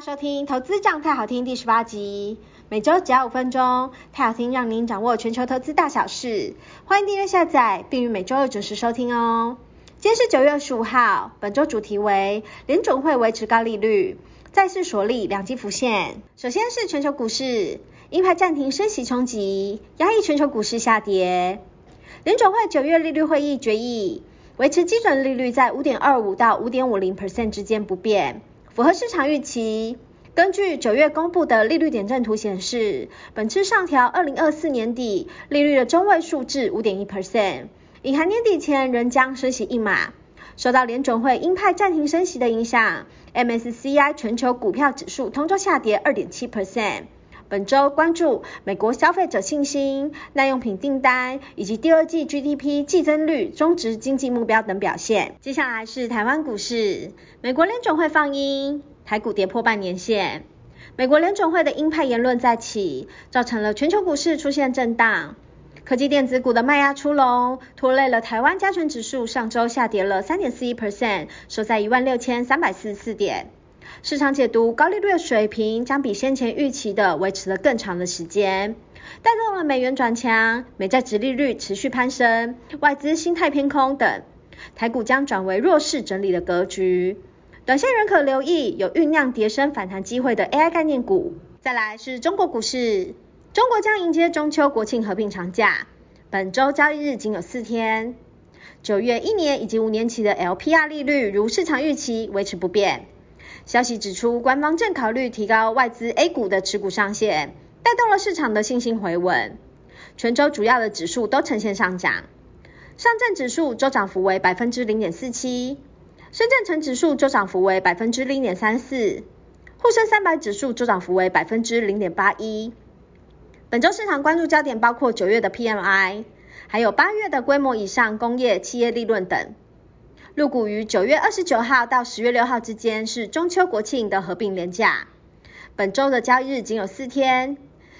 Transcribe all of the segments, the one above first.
收聽《投資這樣泰好聽》第十八集，每週只要五分鐘，太好聽讓您掌握全球投資大小事。歡迎訂閱下載，並於每週二準時收聽哦。今天是九月二十五號，本週主題為聯準會維持高利率，債市鎖利良機浮現。首先是全球股市，鷹派暫停升息衝擊，壓抑全球股市下跌。聯準會九月利率會議決議維持基準利率在五點二五到五點五零 percent 之間不變。符合市場預期。根據九月公布的利率點陣圖顯示，本次上調二零二四年底利率的中位數至五點一 percent，隱含年底前仍將升息一碼。受到聯準會鷹派暫停升息的影響，MSCI 全球股票指數同週下跌二點七 percent。本週關注美國消費者信心、耐用品訂單以及第二季 GDP 季增率、終值經濟目標等表現。接下來是台灣股市，美國聯準會放鷹，台股跌破半年線。美國聯準會的鷹派言論再起，造成了全球股市出現震盪。科技電子股的賣壓出籠拖累了台灣加權指數，上週下跌了三點四一 percent，收在一萬六千三百四十四點。市場解讀高利率的水平將比先前預期的維持了更長的時間，帶動了美元轉強、美債殖利率持續攀升、外資心態偏空等，台股將轉為弱勢整理的格局。短線仍可留意有醞釀跌深反彈機會的 AI 概念股。再來是中國股市，中國將迎接中秋、國慶合併長假，本周交易日僅有四天。九月一年以及五年期的 LPR 利率如市場預期維持不變。消息指出，官方正考慮提高外資 A 股的持股上限，帶動了市場的信心回穩。全周主要的指數都呈現上漲，上證指數周漲幅為百分之零點四七，深圳成指數周漲幅為百分之零點三四，滬深三百指數周漲幅為百分之零點八一。本周市場關注焦點包括九月的 PMI，還有八月的規模以上工業企業利潤等。入股於九月二十九號到十月六號之間是中秋國慶的合併連假。本周的交易日僅有四天，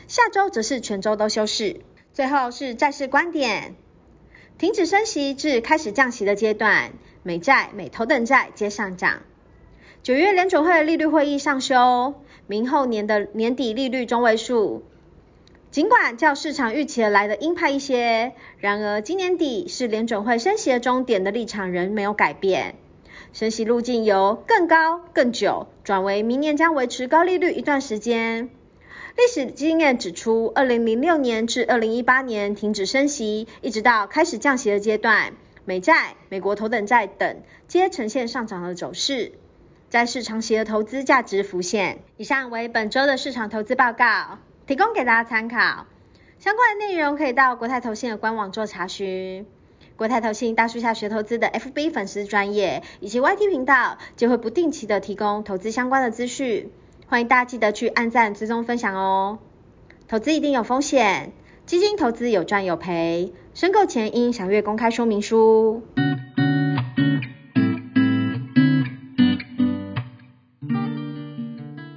下周則是全周都休市。最後是債市觀點，停止升息至開始降息的階段，美債、美投等債皆上漲。九月聯準會利率會議上修明後年的年底利率中位數。儘管較市場預期來的鷹派一些，然而今年底是聯準會升息的終點的立場仍沒有改變，升息路徑由更高更久轉為明年將維持高利率一段時間。歷史經驗指出，二零零六年至二零一八年停止升息，一直到開始降息的階段，美債、美投等債等皆呈現上漲的走勢，在市場席，的投資價值浮現。以上為本週的市場投資報告。提供給大家參考，相關的內容可以到國泰投信的官網做查詢。國泰投信大樹下學投資的 FB 粉絲專頁以及 YT 頻道，就會不定期的提供投資相關的資訊，歡迎大家記得去按讚、追蹤、分享哦。投資一定有風險，基金投資有賺有賠，申購前應詳閱公開說明書。嗯